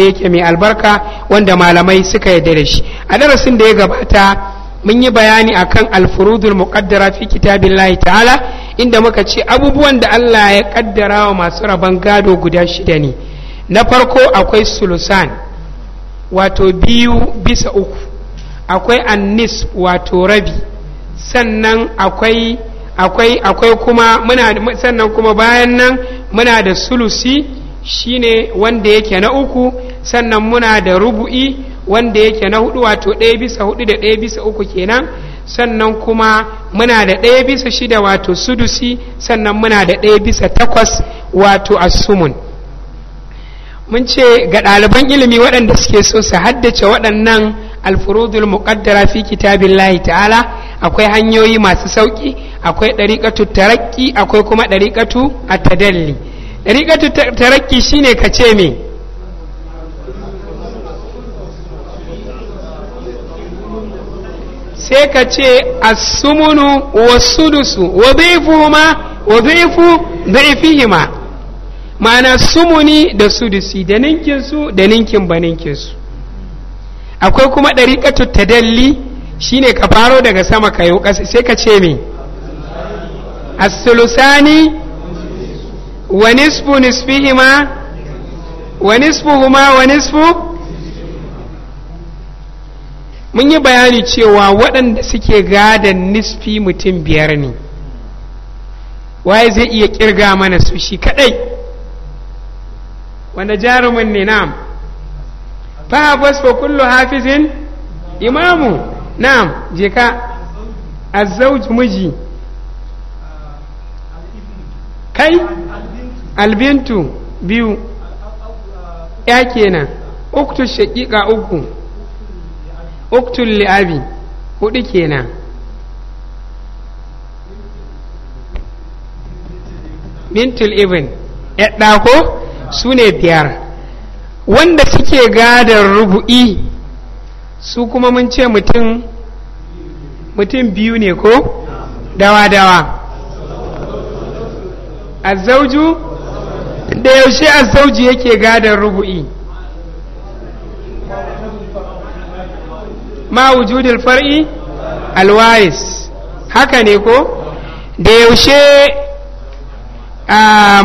da yake mai albarka wanda malamai suka yarda da shi a darasin da ya gabata mun yi bayani akan alfurudul muqaddara fi kitabillahi ta'ala inda muka ce abubuwan da Allah ya kaddara wa masu rabon gado guda shida ne na farko akwai sulusan wato biyu bisa uku akwai annis wato rabi sannan akwai akwai akwai kuma muna sannan kuma bayan nan muna da sulusi shine wanda yake na uku sannan muna da rubu'i wanda yake na hudu wato ɗaya bisa hudu da ɗaya bisa uku kenan sannan kuma muna da ɗaya bisa shida wato sudusi sannan muna da ɗaya bisa takwas wato asumun mun ce ga ɗaliban ilimi waɗanda suke so su haddace waɗannan alfurudul muqaddara fi lahi ta'ala akwai hanyoyi masu sauƙi akwai ɗariƙatu tarakki akwai kuma ɗariƙatu a tadalli rikatu tarakki shine ka ce me sai ka ce asumunu wasudusu wadhaifuhuma wadhaifu dhaifihima ma'ana sumuni da sudusi da ninkinsu da ninkin ba ninkin akwai kuma ɗariƙatu tadalli shine ka faro daga sama ka yi sai ka ce me as-sulusani wa nisfu nisfihima wa wa mun yi bayani cewa waɗanda suke gadon nisfi mutum biyar ne waye zai iya kirga mana su shi kadai wanda jarumin ne na'am fahabas fa kullu hafizin imamu na'am je ka azzauj miji kai albintu biyu ya kenan uktu shaƙiƙa uku uktun li'abi hudu kenan mintul ibn ya ko su ne biyar wanda suke gadar rubu'i su kuma mun ce mutum mutum biyu ne ko dawa-dawa a zauju da yaushe sauji yake gadon rubu'i ma wujudul far'i alwais haka ne ko da yaushe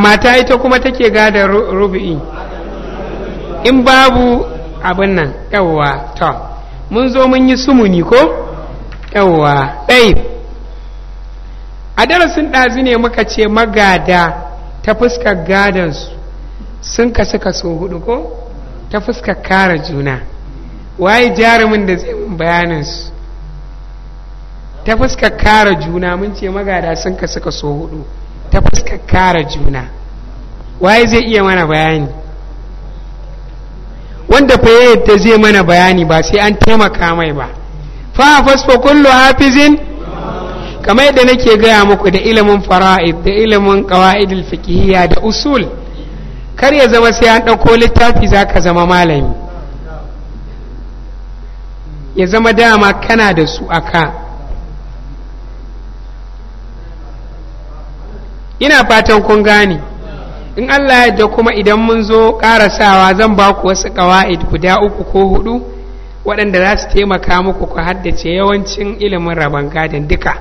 mata ita kuma take gadon rubu'i in babu abin nan yawwa to mun zo mun yi sumuni ko yawwa ɗai a darasin ɗazu ne muka ce magada ta fuskar gadansu sun kasu kaso hudu ko ta fuskar kara juna waye jarumin da zai bayaninsu ta fuskar kara juna mun ce magada sun kasu kaso hudu ta fuskar kara juna waye zai iya mana bayani wanda fa yadda zai mana bayani ba sai an taimaka mai ba fa fasfa kullu hafizin kamar yadda nake gaya muku da ilimin fara'id da ilimin qawaidul fiqhiyya da usul kar ya zama sai an ɗauko littafi zaka zama malami ya zama dama kana da su aka ina fatan kun gane in Allah yadda kuma idan mun zo ƙarasawa zan ba ku wasu ƙawa'id guda uku ko hudu waɗanda za su taimaka muku ku haddace yawancin ilimin rabon gadin duka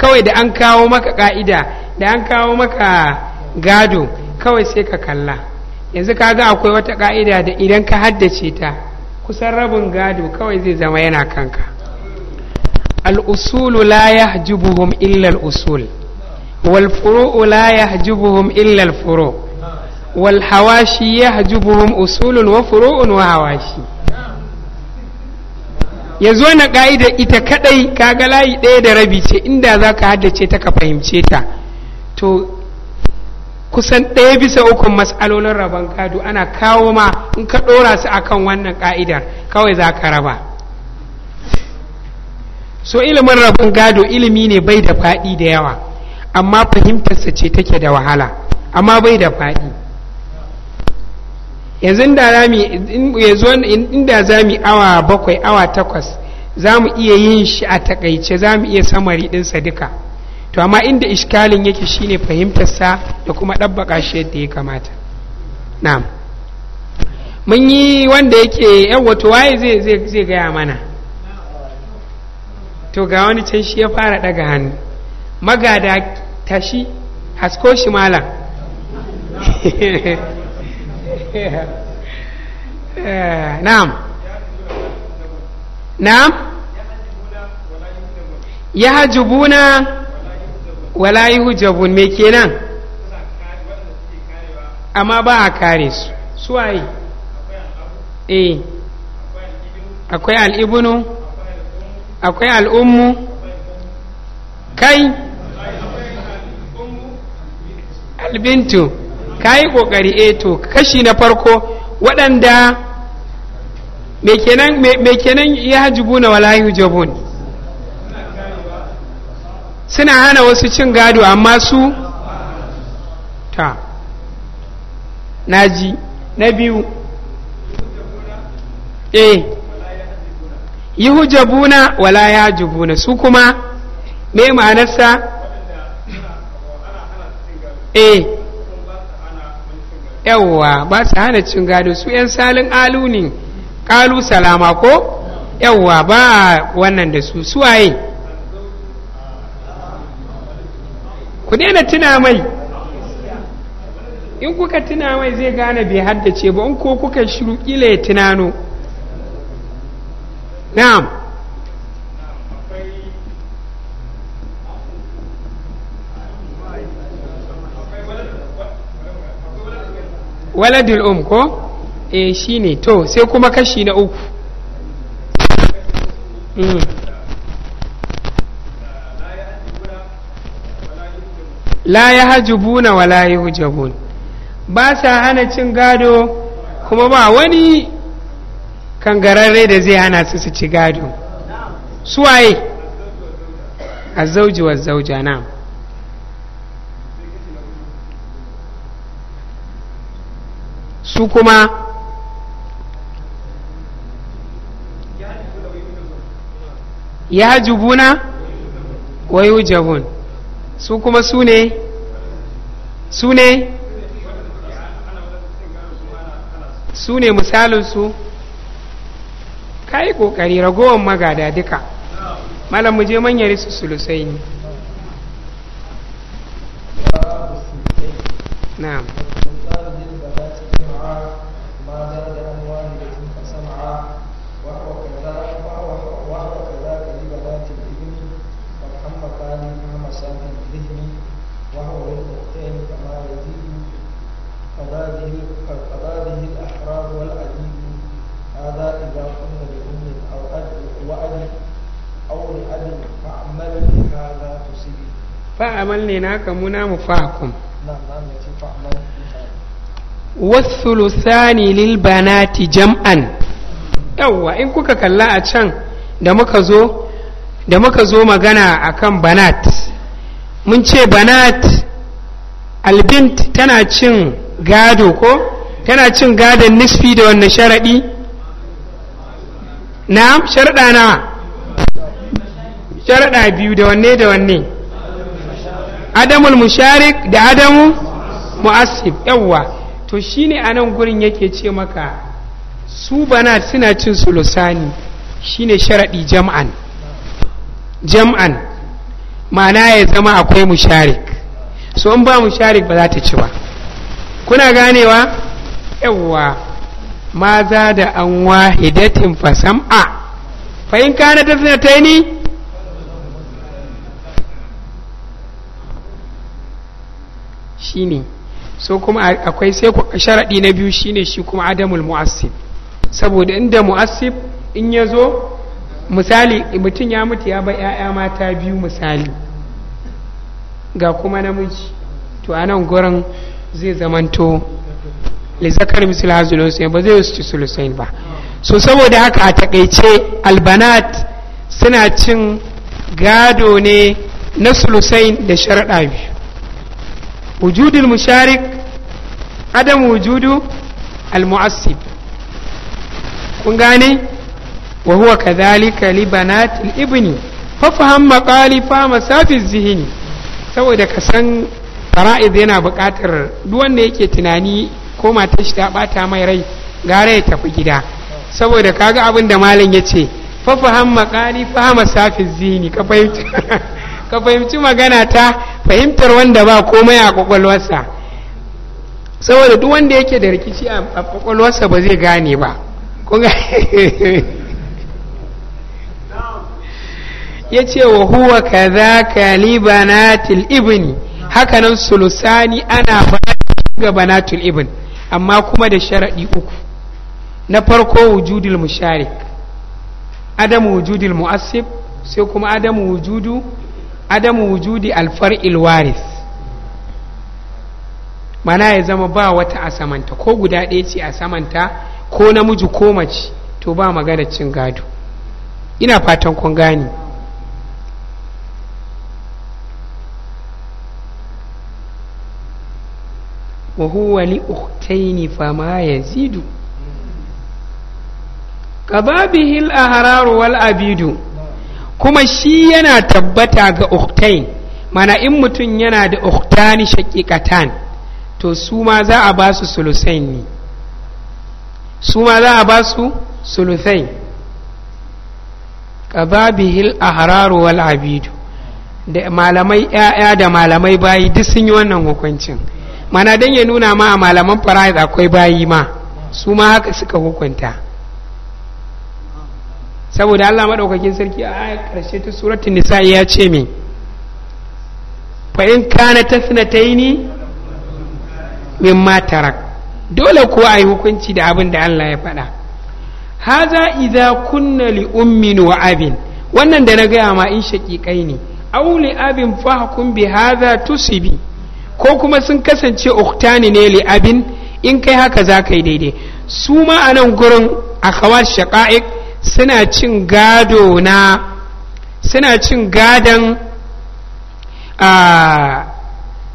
kawai da an kawo maka ka'ida da an kawo maka gado kawai sai ka kalla yanzu ka ga akwai wata ka'ida da idan ka haddace ta kusan rabin gado kawai zai zama yana kanka al'usulu la ya jubuhum illal usul wal furu'u la ya jubuhum illal furu wal hawashi ya jubuhum usulun wa furu'un wa hawashi zo na ka'ida ita kadai kaga layi ɗaya da rabi ce inda za ka haddace ta ka fahimce ta to kusan ɗaya bisa ukun matsalolin rabon gado ana kawo ma in ka ɗora su akan wannan ka'idar kawai za ka raba so ilimin rabon gado ilimi ne bai da faɗi da yawa amma fahimtarsa ce take da wahala amma bai da faɗi yanzu inda za mu awa bakwai awa takwas za mu iya yin shi a takaice za mu iya samari ɗin duka to amma inda iskalin yake shine fahimtarsa da kuma ɗabbaka shi yadda ya kamata na'am mun yi wanda yake wato waye zai gaya mana to ga wani can shi ya fara ɗaga hannu magada tashi hasko shi malam na'am na'am ya hajjubuna wala yi hujjabun me kenan amma ba a kare su suwaye eh akwai al'ibunu akwai al'ummu kai albintu ka yi ƙoƙari e eh to kashi na farko waɗanda me kenan ya haji na wala hujjabun suna hana wasu cin gado amma su ta naji na biyu e eh, yi hujjabuna wala ya hajjubuna su kuma me ma'anarsa eh yawwa ba su hana cin gado su 'yan salin alu ne kalu salama ko yawwa ba wannan da su suwaye ku daina tuna mai in kuka tuna mai zai gane bai haddace ba in ko kuka shiru kila ya tunano na'am waladul um ko eh shine to sai kuma kashi na uku hmm. la ya hajubuna wa ya hujjabun ba sa hana cin gado kuma ba wani kangararre da zai hana su su ci gado suwaye a zauji wa zauja na su kuma ya jubuna wayu jahun su kuma su ne su ne su ne misalinsu ka yi ƙoƙari ragowar magada duka malam mu je manyar su sulusai ne na'am amal ne naka muna mu fakum wasulusani lil banati jam'an yawwa in kuka kalla a can da muka zo da muka zo magana akan banat mun ce banat albint tana cin gado ko tana cin gadon nisfi da wannan sharaɗi na sharaɗa na sharaɗa biyu da wanne da wanne Adamu musharik da adamu mu'assif yawwa to shine anan gurin yake ce maka su bana suna cin lusani shine sharadi jam'an jam'an ma'ana ya zama akwai musharik so in ba musharik ba za ta ci ba kuna ganewa yawwa maza da an wahidatin fasam'a fa in kana ta ni shine so kuma akwai sai sharaɗi na biyu shine shi kuma adamul mu'assib saboda inda mu'assib in ya zo misali mutum ya mutu ya ba 'ya'ya mata biyu misali ga kuma namiji to a nan gurin zai zamanto lizakar misali sai ba zai wasu sulusain ba so saboda haka a takaice albanat suna cin gado ne na sulusain da sharaɗa biyu وجود المشارك عدم وجود المعصب قنغاني وهو كذلك لبنات الابن ففهم مقالف مسافي الذهن saboda ka san fara'id yana buƙatar wanda yake tunani ko matar ta ɓata mai rai gara ya tafi gida saboda ka ga abinda malam ya ce fafahan maƙali fahama safi zini ka ka fahimci magana ta fahimtar wanda ba komai a kwakwalwarsa saboda duk wanda yake da rikici a kwakwalwarsa ba zai gane ba ya ce wa huwa ka za ka na ibni hakanan sulusani ana gaba na tilibin amma kuma da sharaɗi uku na farko wujudul musharik adamu wujudul mu'assib sai kuma adamu wujudu adamu wujudi alfar waris mana ya zama ba wata a samanta ko guda ɗaya ce a samanta ko namiji ko mace to ba magana cin gado ina fatan kun gani wa huwa li ukhtaini fama yazidu kababihil ahraru wal abidu kuma shi yana tabbata ga uktain mana in mutum yana da uktani shaƙiƙatan to su ma za a ba su sulusain ne su ma za a ba su sulusain ƙababihil ahararu wal abidu da malamai ‘ya'ya da malamai bayi duk sun yi wannan hukuncin mana don ya nuna ma a malaman fara'id akwai bayi ma su ma haka suka hukunta saboda Allah maɗaukakin sarki a ƙarshe ta suratun nisa ya ce me fina ta yi ni min matarak dole ko yi hukunci da abin da Allah ya faɗa haza idza kunna li ummin wa abin wannan da na gaya ma in shaƙiƙai ne auli abin fahakun bi haza tusibi ko kuma sun kasance uktani ne li'abin in kai haka za ka yi daidai su ma a nan gurin a kawar shaƙa'iƙ suna cin gado na suna cin gadon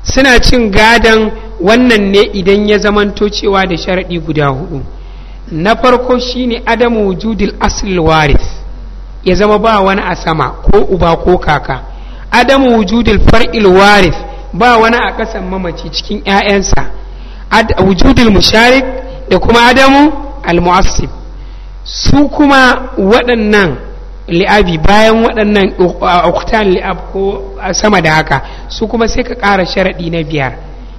suna cin gadon wannan ne idan ya zamanto cewa da sharaɗi guda hudu na farko shine adamu wujudil asl warith ya zama ba wani a sama ko uba ko kaka adamu wujudil far'il warith ba wani a ƙasan mamaci cikin 'ya'yansa wujudil musharik da kuma adamu al-mu'assib su kuma waɗannan li'abi bayan waɗannan oktan li'ab ko sama da haka su kuma sai ka ƙara sharaɗi na biyar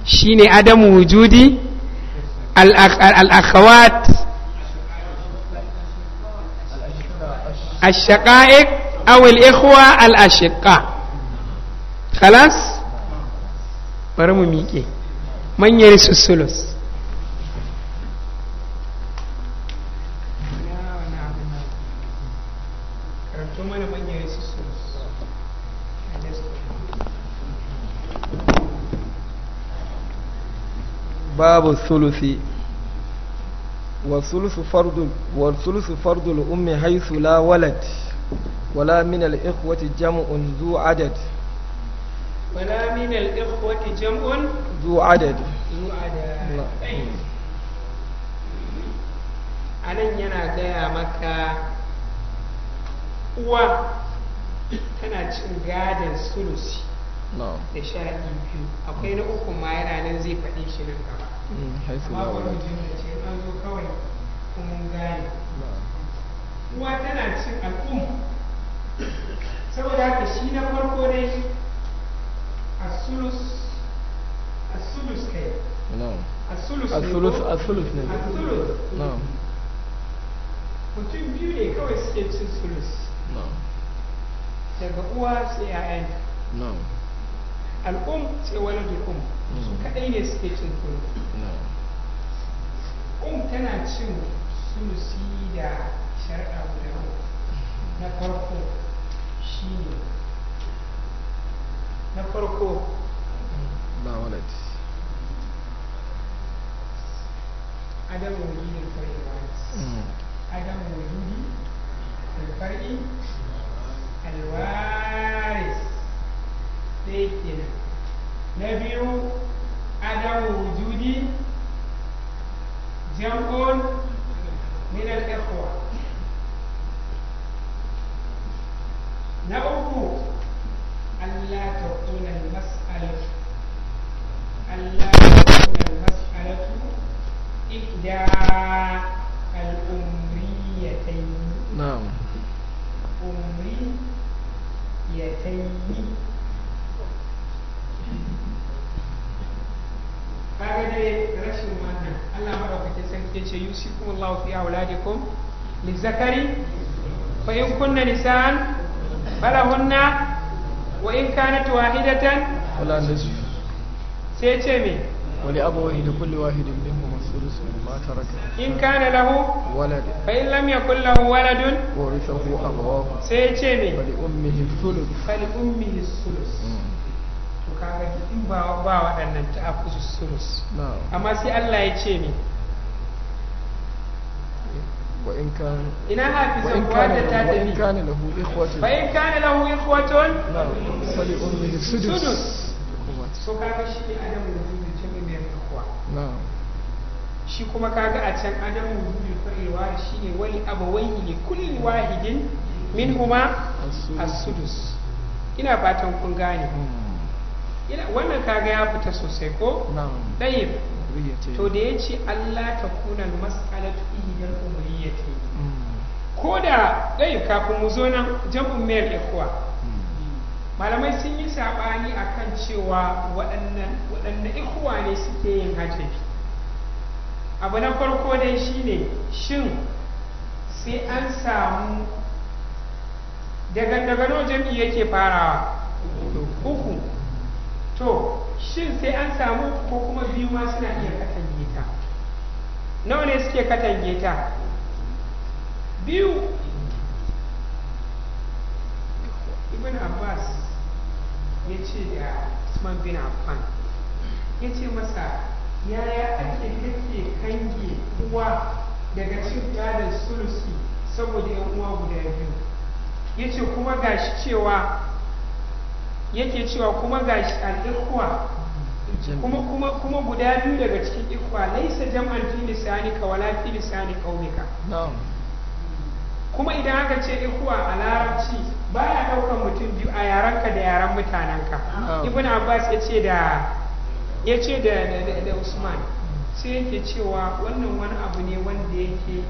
shine adamu wujudi al'akhawat الشقائق أو الإخوة الأشقاء خلاص برمو ميكي من يرث الثلث babu sulusi والثلث فرض والثلث فرض الأم حيث لا ولد ولا من الإخوة جمع ذو عدد ولا من الإخوة جمع ذو عدد ذو عدد anan yana gaya maka uwa tana cin gadon sulusi da sha'i biyu akwai na uku ma yana nan zai faɗi shi nan gaba mm, amma wani jin da ce an zo kawai kuma gane uwa tana cin al'um saboda haka shi na farko dai asulus asulus kai asulus asulus asulus ne mutum biyu ne kawai suke cin sulus daga uwa sai 'ya'yanta al'um sai waladul um su hmm. kadai ne suke cin kuri um tana cin sulusi da shari'a guda na farko shi ne na farko ba walad adam wujudi fari hmm. adam wujudi fari alwaris sai kenan نبيو عدم وجودي جمع من الإخوة نأبو أن لا تكون المسألة أن لا تكون المسألة إحدى الأمريتين نعم أمريتين kaga dai rashin wannan Allah madaukakin sarki ce yusikum fi auladikum lizakari fa in kunna Bala falahunna wa in kanat wahidatan wala nisfu sai ce me wali abawahi li kulli wahidin minhum الثلث مما ترك إن كان له ولد فإن لم يكن له ولد ورثه أبواه سيتشمي فلأمه الثلث فلأمه الثلث kaga in ba ba waɗannan ta afusu surus amma sai Allah ya ce ne ina hafizan wadda ta tafi in kana lahu ikhwatun fa in kana lahu ikhwatun fali ummihi sudus so kaga shi ne adam wujudi ce ne mai ikhwa shi kuma kaga a can adam wujudi fa'il wahid shine wali abawaihi li kulli wahidin minhuma as-sudus ina fatan kun gane hmm. wannan kaga ya fita sosai ko ɗaya to da ya ce allah ta kuna mas'alatu ihidar umariyyati hmm. ko da ɗaya kafin mu zo nan jam'un mayar ikuwa hmm. malamai sun yi saɓani a kan cewa waɗannan ikuwa ne suke yin hajjabi abu na farko dai shine shin sai an samu daga daga nawa jam'i yake farawa uku to shin sai an samu ko kuma biyu ma suna iya katange ta nawa ne suke katange ta biyu ibn abbas ya ce da usman bin affan ya ce masa yaya ake kake kange uwa daga cin gadon sulusi saboda yan uwa guda biyu ya ce kuma gashi cewa yake cewa kuma gashi a ikuwa kuma kuma kuma guda biyu daga cikin ikuwa laisa jam'an fi ka wala fi lisani qaumika kuma idan aka ce ikuwa a larabci baya daukan mutum biyu a yaranka da yaran mutanenka ibn abbas ya ce da ya da da usman sai yake cewa wannan wani abu ne wanda yake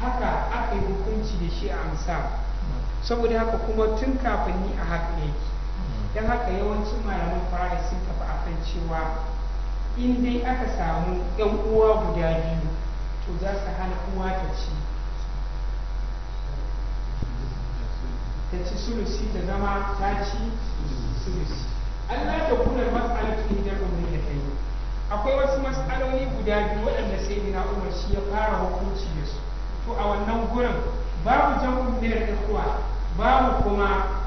haka aka yi hukunci da shi a amsa saboda haka kuma tun kafin ni a haka yake don haka yawancin malaman fara sun tafi akan cewa in dai aka samu yan uwa guda biyu to za su hana uwa ta ci ta ci sulusi da zama ta ci sulusi Allah ta kula mas'alatu inda umar da ta yi akwai wasu matsaloli guda biyu waɗanda sai na umar shi ya fara hukunci da su to a wannan gurin babu jan biyar da kuwa babu kuma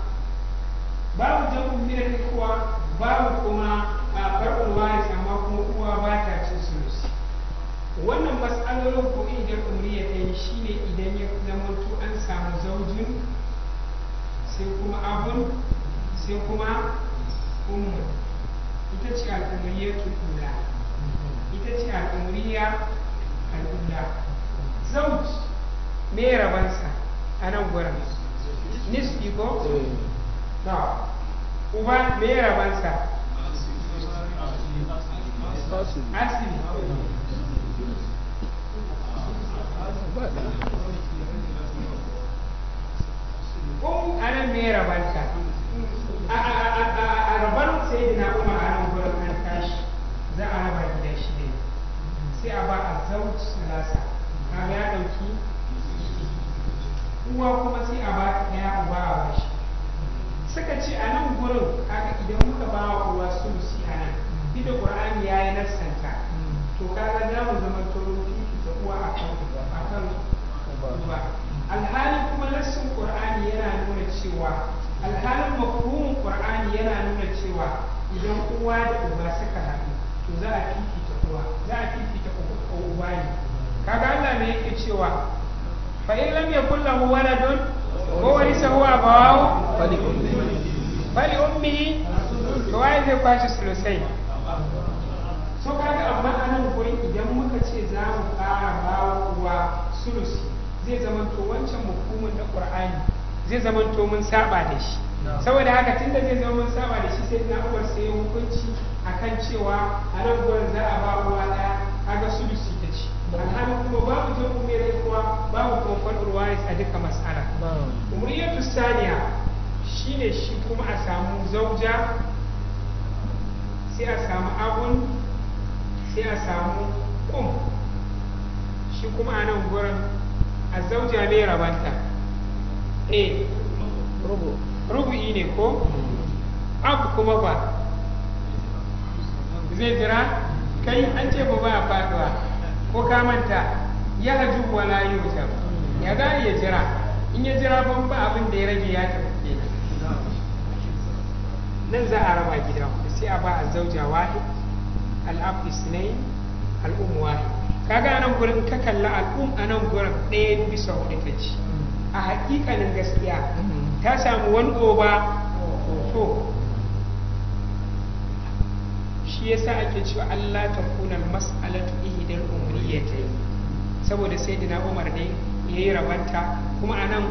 babu jam'u min al babu kuma farkon wani amma kuma kuwa ba ta cin sulusi wannan matsalolin ko idan ya ta yi shine idan ya zamanto an samu zaujin sai kuma abun sai kuma ummu ita ce al'umriya tukula ita ce al'umriya al'ula zauj me rabansa a nan gwarar nisbi ko eh. uba me rabansa kun me rabansa a rabar sai na kuma a nan an tashi za a raba gida shi ne sai a ba a zauci salasa kaga ya ɗauki uwa kuma sai a ba ta ɗaya uba a bashi suka ce a nan gurin kaga idan muka ba wa kowa sulusi a nan mm. ita qur'ani ya yi nasanta mm. to kaga za mu zama to da uwa a kan a kan uba alhalin kuma nassin qur'ani yana nuna cewa alhalin mafhumin qur'ani yana nuna cewa idan uwa da uba suka haɗu to za a fifita uwa za a fifita uba ne mm. kaga Allah ne yake cewa fa in lam yakul lahu waladun وورثه أبواه فلأمه zai kwashe sulusai so kaga amma a nan idan muka ce za mu ƙara bawa uwa sulusi zai zamanto wancan mukumin na ƙur'ani zai zamanto mun saba da shi saboda haka tunda zai zama mun saba da shi sai na uwar sai hukunci akan cewa a nan za a ba uwa ɗaya kaga sulusi alhalin kuma babu jam'uriyar kuwa babu kuma fadul waris a duka mas'ala umuriyatu saniya ne shi kuma a samu zauja sai a samu abun sai a samu kum shi kuma a nan gurin a zauja mai rabanta e rubu'i ne ko abu kuma ba zai jira kai an ce ba ba faɗuwa. ko ka manta ya haju layu yujar ya za ya jira in ya jira ban ba abin da ya rage ya kuke. nan za a raba gida sai a ba azzauja wahid na isnain al'um wahid kaga nan gurin ka kalla al'um a nan gurin ɗaya bisa hudu ta ci a hakikanin gaskiya ta samu wani oba shi yasa ake cewa Allah ta kunan mas'alatu ihdal umriyatayn saboda sayyidina Umar ne yayi rabanta kuma anan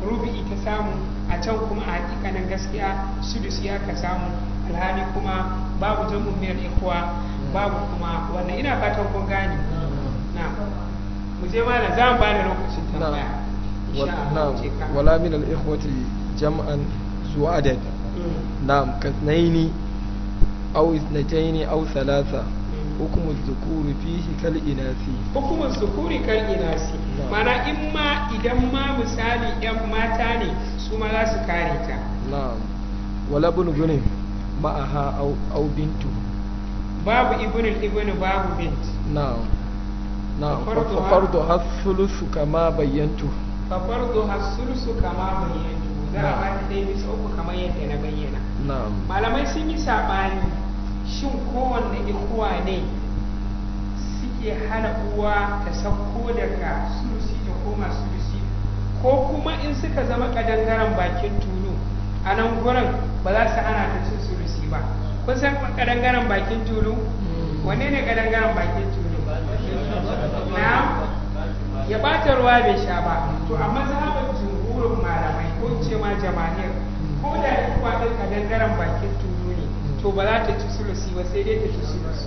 rubi'i ta samu a can kuma a hakikanin gaskiya sudus ya ka samu alhali kuma babu jamu miyar ikhwa babu kuma wannan ina fatan kun gane na mu je ma za mu ba lokacin tambaya wala min al-ikhwati jam'an zuwa adad mm. na'am kasnaini أو اثنتين أو ثلاثة حكم الذكور فيه كالإناث حكم الذكور كالإناث معنى إما إذا ما مثالي إما تاني ثم لا سكاريتا نعم ولا بن ابن معها أو أو بنت باب ابن الابن باب بنت نعم نعم ففرضها الثلث كما بينته ففرضها الثلث كما بينته ذا a ba ta كما bisa malamai sun yi saɓani shin kowanne ikuwa ne suke hana uwa ta sauko daga sulusi ta koma sulusi ko kuma in suka zama ƙadangaren bakin tulu a nan gurin ba za su hana ta cin sulusi ba kun san kadangaren bakin tulu hmm. wanne ne kadangaren bakin tulu na ya bata ruwa bai sha ba to amma zaɓar jumhurin malamai ko ce ma jama'ir ko da kuwa ɗin ka dangaren bakin tulu ne to ba za ta ci sulusi ba sai dai ta ci sulusi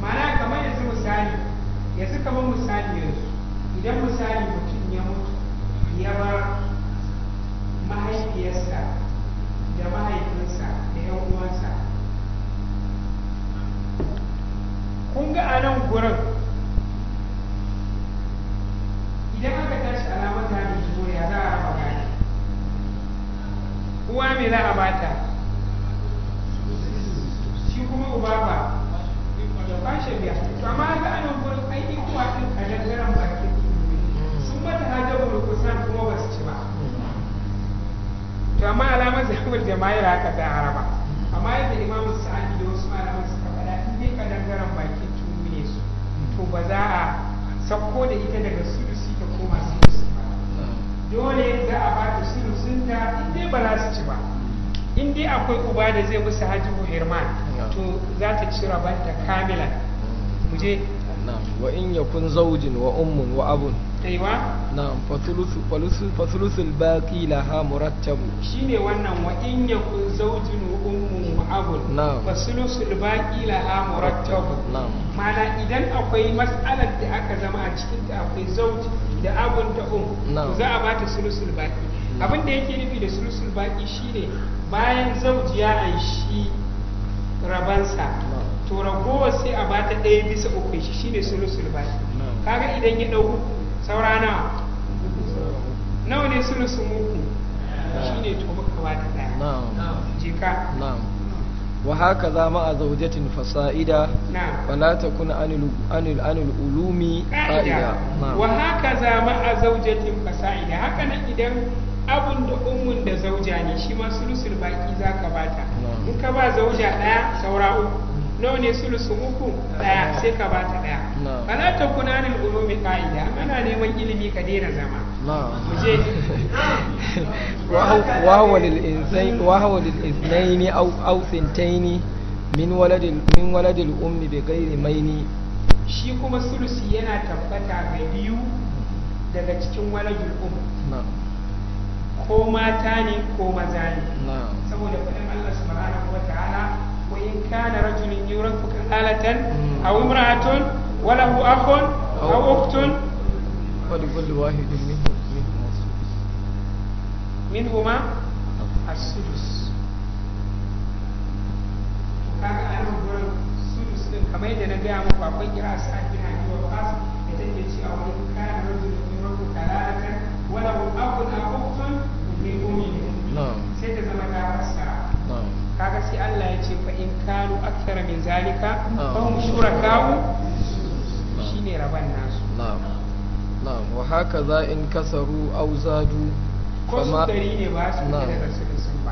ma'ana kamar yanzu misali yanzu kamar misali yanzu idan misali mutum ya mutu ya bar mahaifiyarsa da mahaifinsa da yan uwansa kun ga a nan gurin uwa me za a bata shi kuma uba ba da kwashe biya to amma ga anan gurin aiki kuma din a dangaren bakin sun bata hajja hajjabul kusan kuma ba su ci ba to amma alamar zahabar jama'a haka ta haraba amma yadda imamu sa'adi da wasu malaman suka faɗa in dai ka dangaren bakin tumi ne su to ba za a sauko da ita daga su dole za a ba ta sulusun ta in ba za su ci ba in dai akwai uba da zai musu ko hirman to za ta ci rabanta kamila mu je wa in yakun zaujin wa ummun wa abun kaiwa na fasulusu fasulusu fasulusul baqi laha murattab wannan wa in yakun zawjun ummun abun na'am fasulusul baqi laha murattabu mana idan akwai matsalar da aka zama a cikin ta akwai zawj da abun ta um za a bata sulusul baƙi. abin da yake nufi da sulusul shi ne bayan zawj ya anshi rabansa to ragowar sai a bata ɗaya bisa uku shi ne sulusul baqi kaga idan ya ɗau saurana nawa ne suna su muku shi to tobe kawa ta daya jika وهكذا مع زوجة فصائدة فلا kuna عن ulumi عن عن العلوم قائدة وهكذا مع زوجة فصائدة هكذا إذا abun da umun da zauja ne shi ma sulusul baki za ka bata in ba zauja ɗaya saura nawa ne sulusu uku daya sai ka ba ta daya kana ta kuna ni ulumi ka'ida ana neman ilimi ka daina zama mu je wahawa lil iznaini aw sintaini min waladil min waladil ummi bi ghairi maini shi kuma sulusi yana tabbata ga biyu daga cikin waladil ummi ko mata ne ko maza ne saboda kudin Allah subhanahu wa ta'ala إن كان رجل يورث كهالة أو امرأة وله أخ أو أخت ولكل واحد منهما a nan sudus din kamar yadda na gaya muku akwai kira a sa'ad da take kana min ummi sai ta zama ta kaga sai Allah ya in kanu aksara min zalika fahum shuraka'u shine raban nasu na'am na'am wa hakaza in kasaru aw zadu ko dari ne ba su da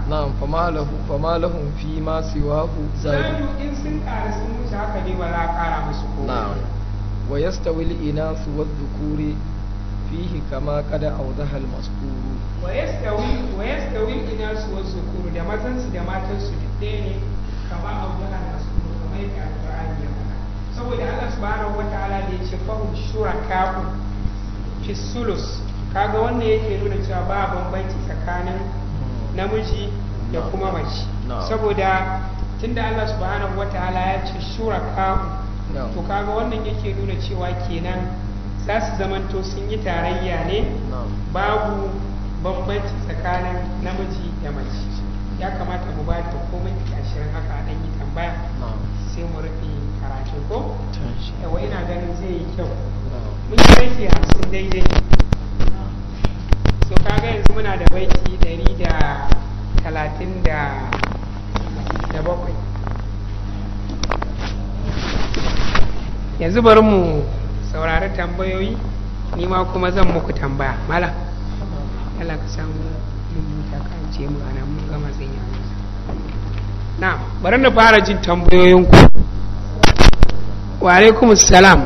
na'am fama lahu fama lahum fi ma siwahu zadu in sun ƙara sun musu haka ne ba za a ƙara musu ko na'am wa yastawi al-inasu wadh-dhukuri فيه كما Ba abu yana da asulu kamar yadda alqur'ani ya faɗa saboda Allah subhanahu wataala da yace fahum shurakaku fi sulus kaga wannan yake nuna cewa ba bambanci tsakanin namiji da kuma mace saboda tunda Allah subhanahu wataala ya ce shurakaku to kaga wannan yake nuna cewa kenan za su zamanto sun yi tarayya ne babu bambanci tsakanin namiji da mace ya kamata mu ba da komai da ashirin haka dan yi tambaya sai mu rufe karatu ko yawa ina ganin zai yi kyau mun yi baiti hamsin daidai so kaga yanzu muna da baiti ɗari da talatin da bakwai yanzu bari mu saurari tambayoyi ni ma kuma zan muku tambaya mala Allah ka samu mun mu ana na bari na fara jin tambayoyinku wa alaikum salam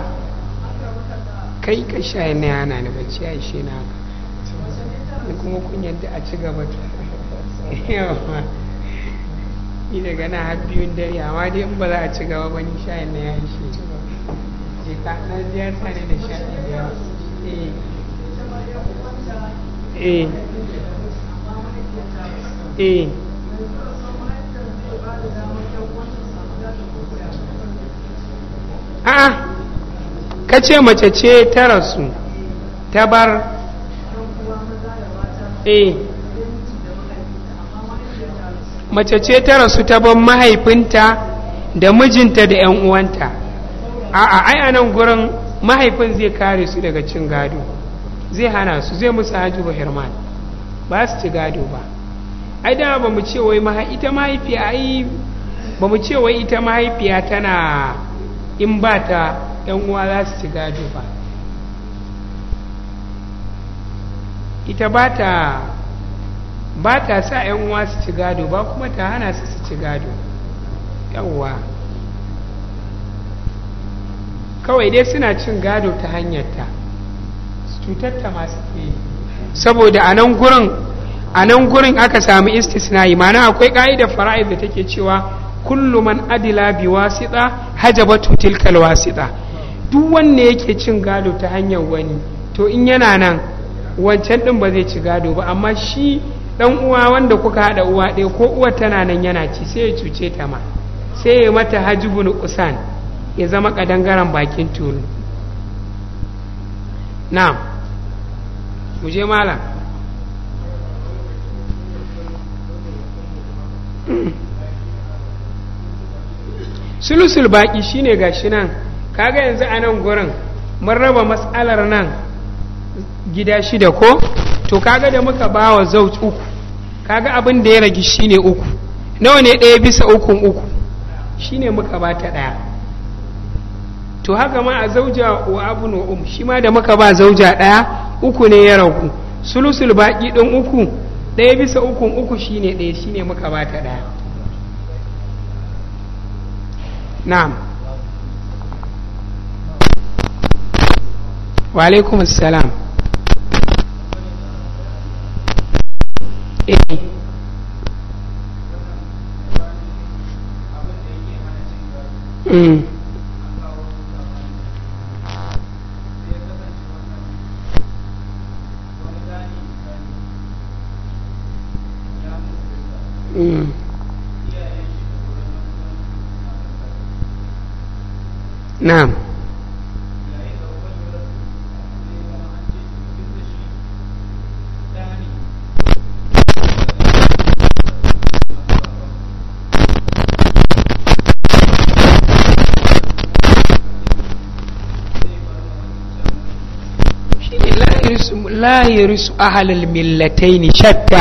kai ka sha ne yana ne bacci ya ishe na haka kuma kun yadda a ci gaba ta ni daga na har biyun dare amma dai in ba za a ci gaba ba ni sha ne ya ishe je ka na ziyarta ne da sha ne da yawa eh, eh. eh a'a ka ce mace ce ta rasu ta bar eh mace ce ta rasu ta bar mahaifinta da mijinta da 'yan uwanta a'a ai anan gurin mahaifin zai kare su daga cin gado zai hana su zai musu hajji ba hirman ba su ci gado ba ai da ba mu ce wai ita mahaifiya ai ba mu ce wai ita mahaifiya tana in ba ta yan uwa za su ci gado ba ita ba ta ba ta sa yan uwa su ci gado ba kuma ta hana su su ci gado yawwa kawai dai suna cin gado ta hanyarta cutar ta masu ke saboda a nan gurin a nan gurin aka samu istisna'i mana akwai ka'ida fara'id da take cewa kullu man adila bi wasita hajabatu tilkal wasita duk wanne yake cin gado ta hanyar wani to in yana nan wancan din ba zai ci gado ba amma shi dan uwa wanda kuka hada uwa ɗaya ko uwa tana nan yana ci sai ya cuce ta ma sai ya mata hajibun usan ya zama kadangaren bakin tulu Na muje je malam sulusul baƙi shine gashi nan kaga yanzu a nan gurin mun raba matsalar nan gida shida ko to kaga da muka ba wa zauj uku kaga abin da ya ragi shine uku nawa ne ɗaya bisa ukun uku shine muka ba ta ɗaya to haka ma a zauja wa abu um shi ma da muka ba zauja ɗaya uku ne ya ragu sulusul baƙi ɗin uku ɗaya bisa uku uku shine ɗaya shine muka ba ta ɗaya na'am wa alaikum salam. eh mm. نعم لا يرث أهل الملتين شتى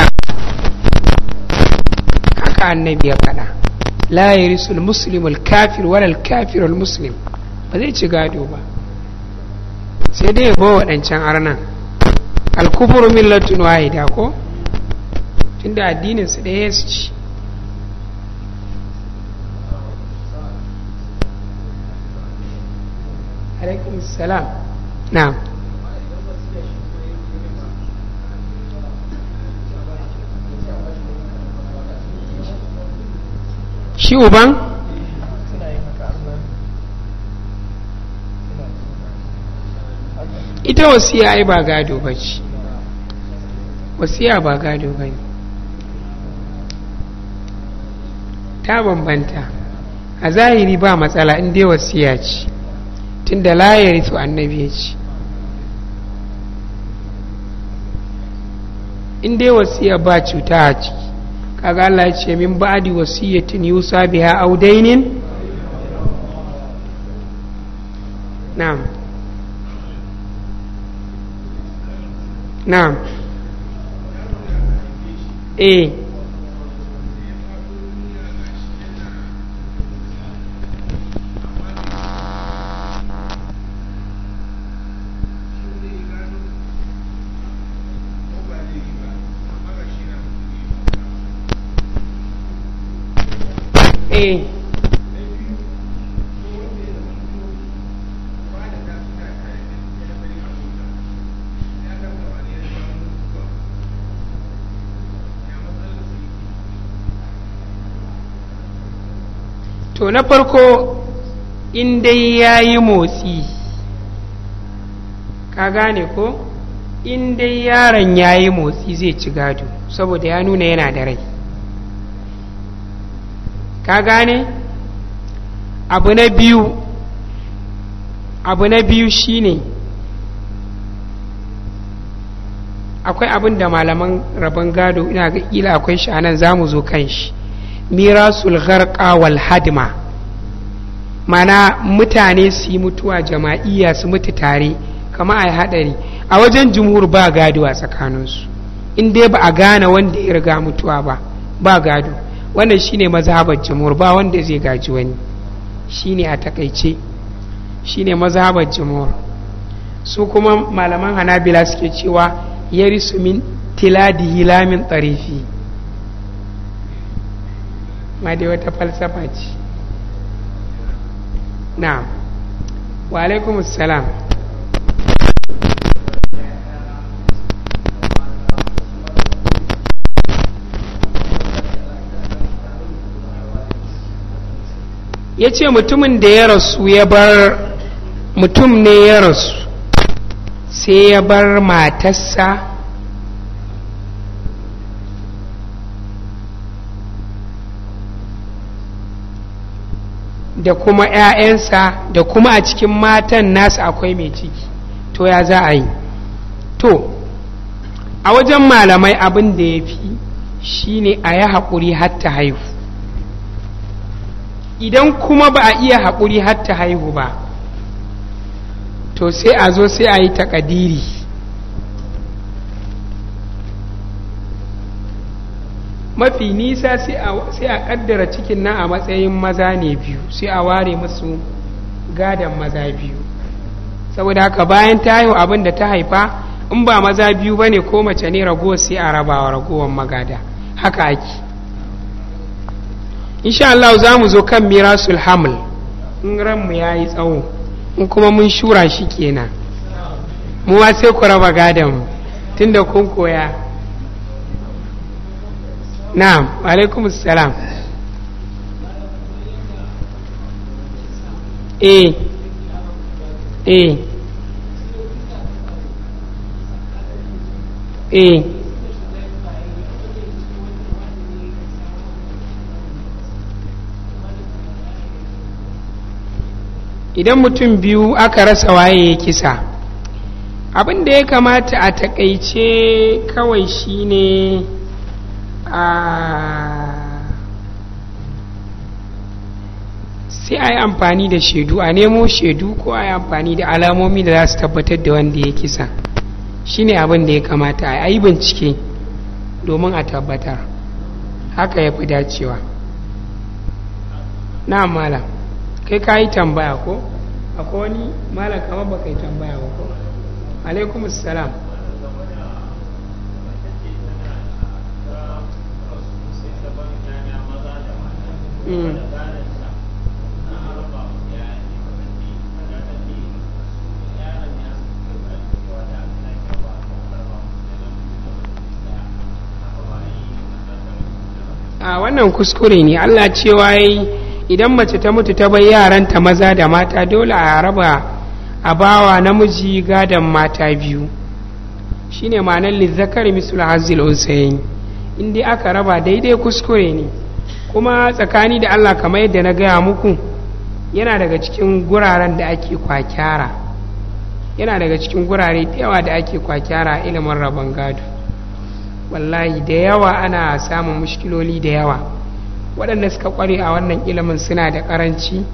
حكى النبي قال لا يرث المسلم الكافر ولا الكافر المسلم ba zai ci gado ba sai dai ya waɗancan arnan alkufuru millatun wahida ko tunda addinin su ɗaya su ci salam na shi uban ita wasiya ai ba gado ba ce wasiya ba gado ba ne ta bambanta a zahiri ba matsala inda dai wasiya ce tun da layari su annabi ya ce in dai wasiya ba cuta a ciki kaga Allah ya ce min ba'di wasiyatin yusa biha audainin na'am na'am eh E. e. to na farko in dai ya yi motsi ka gane ko in dai yaron ya yi motsi zai ci gado saboda ya nuna yana da rai ka gane abu na biyu abu na biyu shine akwai abin da malaman rabon gado ina ga kila akwai shi anan za mu zo kan shi mirasul gharqa wal hadma mana mutane su yi mutuwa jama'iyya su mutu tare kama a haɗari a wajen jumhur ba gado a tsakaninsu in dai ba a gane wanda ya riga mutuwa ba ba gado wannan shine mazhabar jumhur ba wanda zai gaji wani shine a takaice shine mazhabar jumhur su kuma malaman hanabila suke cewa yarisu min tiladihi hilamin tsarifi ma dai wata falsafa ce na'am wa alaikum ya ce mutumin da ya rasu ya bar mutum ne ya rasu sai ya bar matarsa da kuma 'ya'yansa da kuma a cikin matan nasu akwai mai ciki to ya za a yi to a wajen malamai abin da ya fi shi ne a yi haƙuri hatta haihu idan kuma ba a iya haƙuri hatta haihu ba to sai a zo sai a yi takadiri mafi nisa sai a kaddara cikin nan a matsayin maza ne biyu sai a ware musu gadon maza biyu saboda haka bayan ta haihu abin da ta haifa in ba maza biyu ba ne ko mace ne rago sai a rabawa ragowar magada haka ake insha Allah za mu zo kan mirasul hamil in ranmu ya yi tsawo in kuma mun shura shi kenan mu sai ku raba gadon tunda kun koya na'am wa alaikum salam eh eh e. idan mutum biyu aka rasa waye ya kisa abin da ya kamata a takaice kawai shine ne Ah. sai a yi amfani da shaidu a nemo shaidu ko a yi amfani da alamomi da za su tabbatar da wanda ya kisa shine abin da ya kamata a yi bincike domin a tabbatar haka ya fi dacewa na mala kai ka yi tambaya ko akwai wani mala kama baka yi tambaya ba ko alaikumussalam salam a wannan kuskure ne allah cewa yi idan mace ta mutu ta bai yaranta maza da mata dole a raba a bawa namiji gadon mata biyu shine ma'anar lizzakar misul hazil usayin inda aka raba daidai kuskure ne kuma tsakani da allah kamar yadda na gaya muku yana daga cikin guraren da ake kwakyara yana daga cikin gurare da yawa da ake kwakyara ilimin rabon gado wallahi da yawa ana samun mushkiloli da yawa waɗanda suka ƙware a wannan ilimin suna da ƙaranci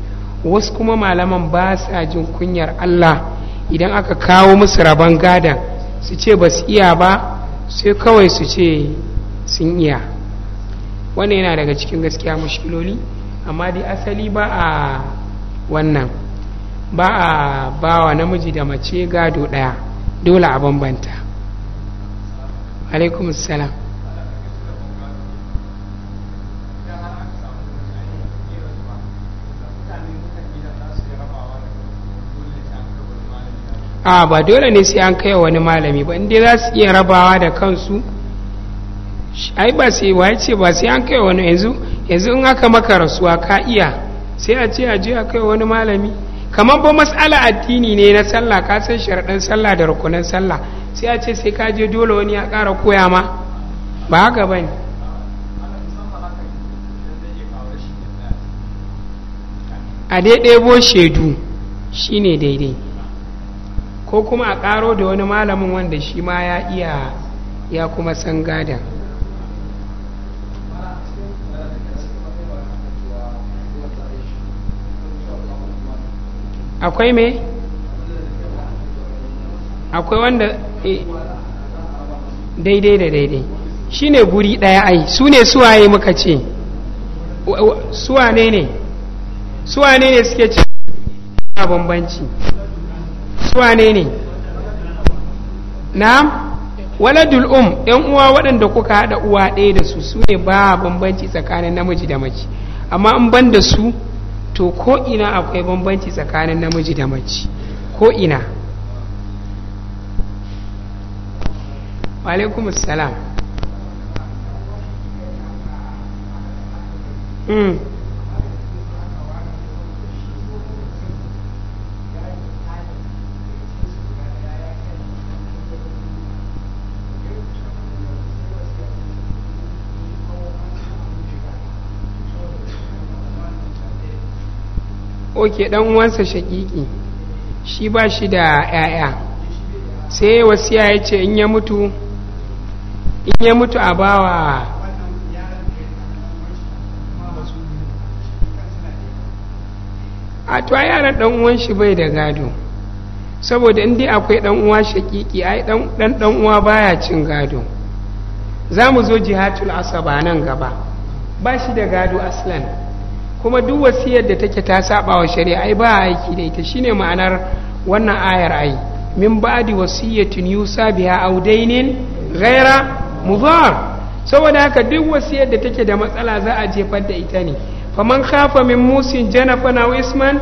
wasu kuma malaman ba sa jin kunyar allah idan aka kawo musu rabon gadon su ce ba su iya ba sai kawai su ce sun iya wannan yana daga cikin gaskiya mushkiloli amma dai asali ba a wannan ba a ba wa namiji da mace gado ɗaya dole a bambanta alaikum salam a ba dole ne sai an kai wani malami ba inda za su iya rabawa da kansu ai ba sai ya ce ba sai an kai wani yanzu yanzu in aka maka rasuwa ka iya sai a ce a je a kai wani malami kamar ba matsala addini ne na sallah ka san sharaɗin sallah da rukunan sallah sai a ce sai ka je dole wani ya ƙara koya ma ba haka ba ne a daidai bo shaidu shi ne daidai ko kuma a ƙaro da wani malamin wanda shi ma ya iya ya kuma san gadan akwai me akwai wanda e, daidai da daidai shine guri ɗaya ai su ne suwaye muka ce suwane ne suwane ne suke ce a bambanci suwane ne na waladul um yan uwa waɗanda kuka haɗa uwa ɗaya da su su ne ba bambanci tsakanin namiji da mace amma in ban da su to ko ina akwai bambanci tsakanin namiji da mace ko ina alaikum salam hmm. oke dan uwansa shaƙiƙi shi ba shi da 'ya'ya sai wasiya ya ce in ya mutu a bawa a tuwa yaran dan uwan shi bai da gado saboda in dai akwai dan uwa shakiki ai dan dan uwa baya cin gado za mu zo jihatul asaba nan gaba ba shi da gado aslan kuma duk wasiyar da take ta saba wa shari'a ai ba aiki da ita shine ma'anar wannan ayar ai min ba'di wasiyatin yusa biha aw Raira, ghaira mudhar saboda haka duk wasiyar da take da matsala za a jefar da ita ne faman khafa min musin janafan aw isman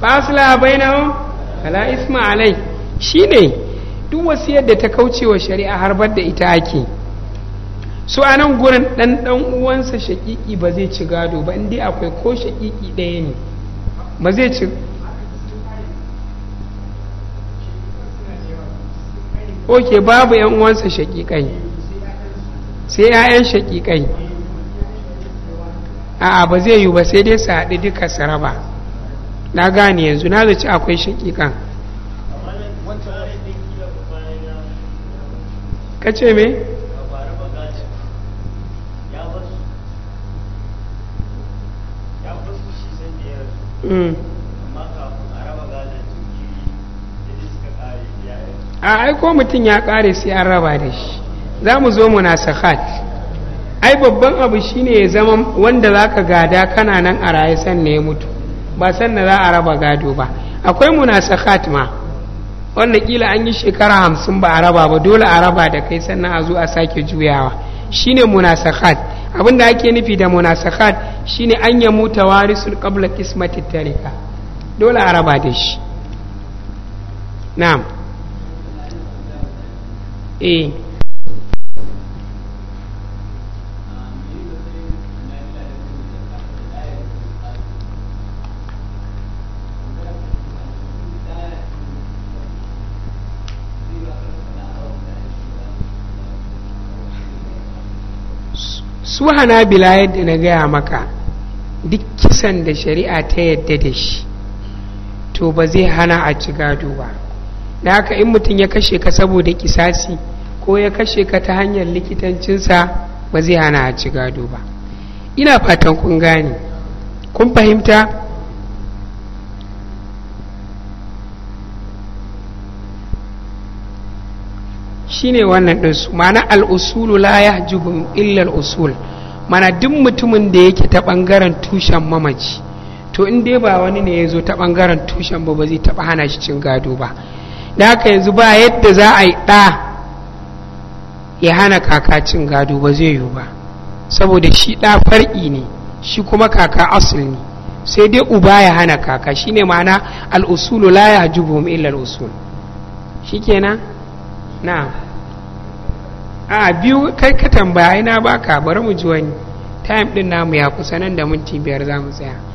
fa aslaha bainahum fala isma alai shine duk wasiyar da ta kaucewa shari'a harbar da ita ake su a nan gurin ɗan ɗan uwansa shaƙiƙi ba zai ci gado ba inda akwai ko shaƙiƙi ɗaya ne ba zai ci ok babu yan uwansa shaƙiƙai sai 'ya'yan shaƙiƙai a'a ba zai yi ba sai dai su haɗu duka su raba na gane yanzu na zaci akwai shaƙiƙan. ka ce me? Mm. a aiko mutum ya kare sai an raba da shi za mu zo mu na ai babban abu shine ya zama wanda za ka gada kana nan a raye sannan ya mutu ba sannan za a raba gado ba akwai munasakat ma wanda kila an yi shekara hamsin ba a raba ba dole a raba da kai sannan a zo a sake juyawa shine munasakat abin da ake nufi da munasakat shine an ya muta warisul qabla qismati tarika dole a raba da shi na'am eh su hanabila yadda na gaya maka duk kisan da shari'a ta yadda da shi to ba zai hana a ci gado ba da haka in mutum ya kashe ka saboda kisasi ko ya kashe ka ta hanyar likitancinsa ba zai hana a ci gado ba ina fatan kun gane kun fahimta shine wannan su ma'ana al'usulu la ya juhun illal usul mana duk mutumin da yake ta ɓangaren tushen mamaci to in dai ba wani ne ya zo ta ɓangaren tushen ba ba zai taɓa hana shi cin gado ba da haka yanzu ba yadda za a yi ɗa ya hana kaka cin gado ba zai yiwu ba saboda shi ɗa far'i ne shi kuma kaka asul ne sai dai uba ya hana kaka shine ma'ana al'usulu la ya jubu illa usul shikenan na'am a biyu kai ka tambaya ina baka bari mu ji wani time din namu ya kusa nan da minti biyar za mu tsaya